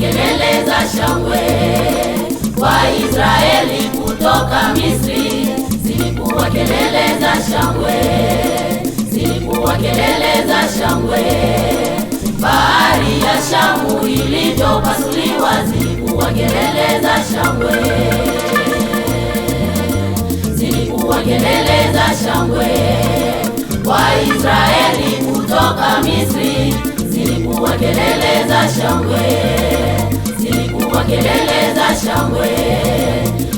Kelele za shangwe Waisraeli kutoka Misri, zilikuwa kelele za shangwe, zilikuwa kelele za shangwe, bahari ya shangwe shangwe. Waisraeli kutoka Misri, zilikuwa kelele za shangwe, zilikuwa kelele za shangwe.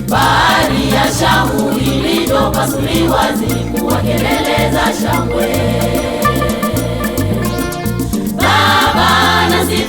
Bahari ya Shamu iliyopasuliwa, zilikuwa kelele za shangwe. Baba nasi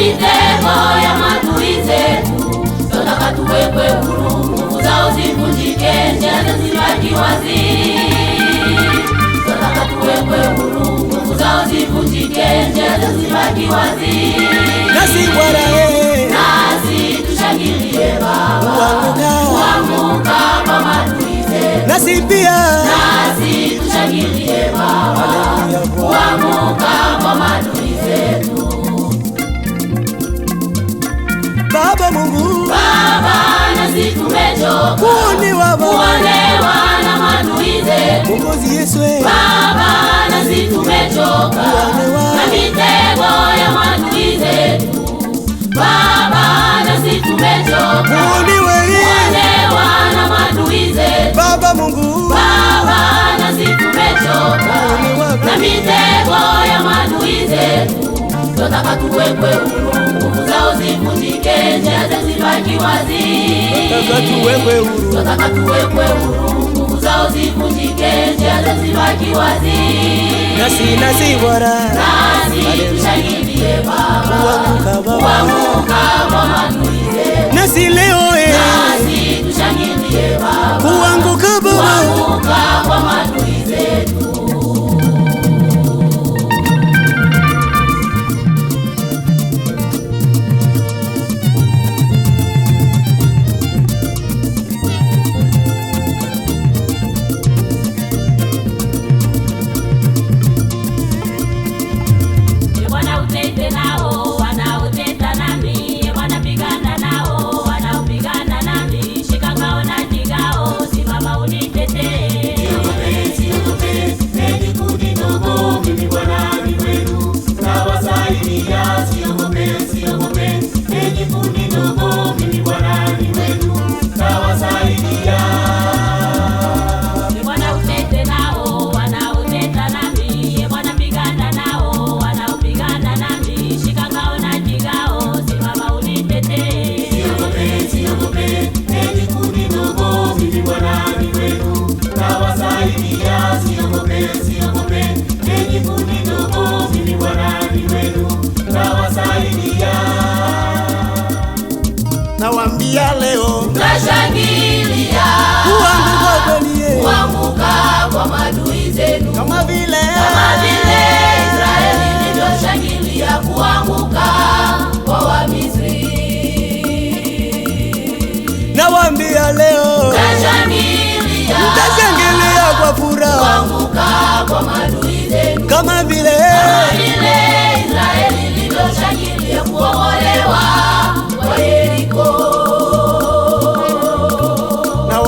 mitego ya maadui zetu, tunataka tuwekwe huru, nguvu zao zivunjike, njia zibaki wazi. Tunataka tuwekwe huru, nguvu zao zivunjike, njia zibaki wazi. Nasi Bwana eh, nasi tushangilie Baba, uamuka uamuka kwa maadui zetu, nasi pia nasi tushangilie Baba kuonewa kuonewa na manuize Mwokozi Yesu Baba nasi tumechoka na mitego ya manuize tu Baba nasi tumechoka kuonewa kuonewa na manuize Baba Mungu Baba nasi tumechoka na mitego ya manuize tu tuwekwe huru zao zivunjike, njia zibaki wazi. Tunataka tuwekwe huru, tunataka tuwekwe huru, nguvu zao zivunjike, njia zibaki wazi. Nasi nasi bora, nasi tushangiliye Baba, kuanguka Baba, kuanguka Bwana nasi leo tunashangilia kuanguka kwa maadui zenu, kama vile Israeli ilivyoshangilia kuanguka kwa Wamisri. Nawaambia leo mtashangilia kwa furaha kuanguka kwa maadui zenu, kama vile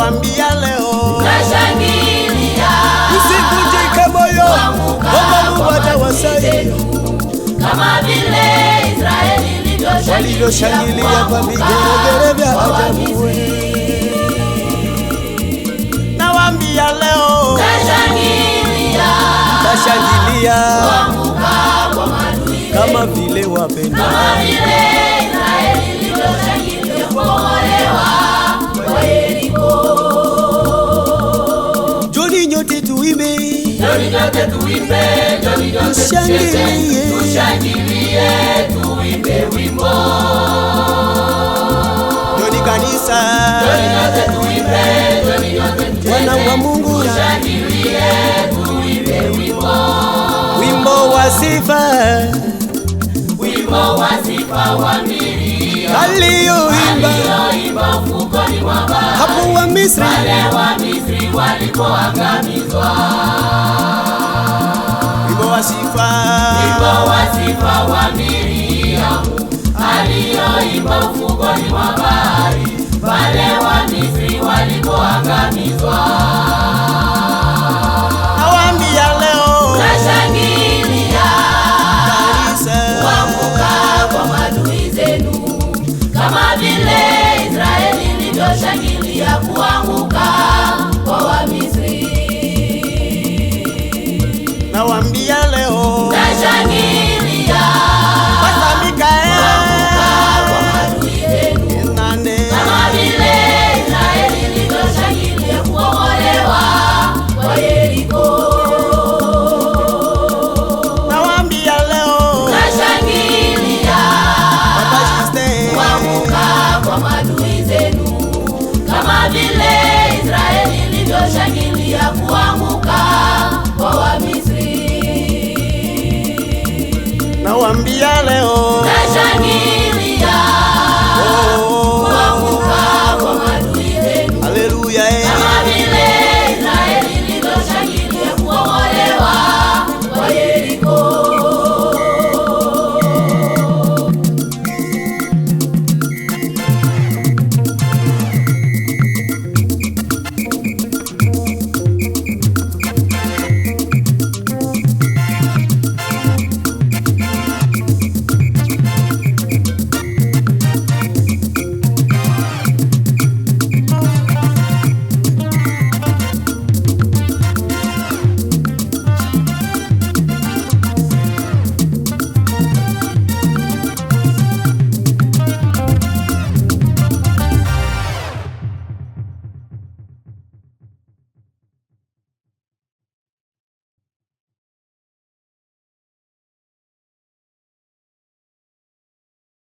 nakwambia leo nashangilia, usivunjike moyo, watawasaidia wasai kama vile Israeli walivyoshangilia kwa vigeregere vya ajabu. Nawaambia leo tashangilia kama vile wapendao Vipendo vidogo tushangilie, tuimbe wimbo Joni wa Mungu, wimbo wa sifa, wimbo aliyoimba hapo wa Misri wale wa Misri walipoangamizwa wa sifa, wimbo wa sifa wa mili aliyoimba ufukoni mwa bahari leo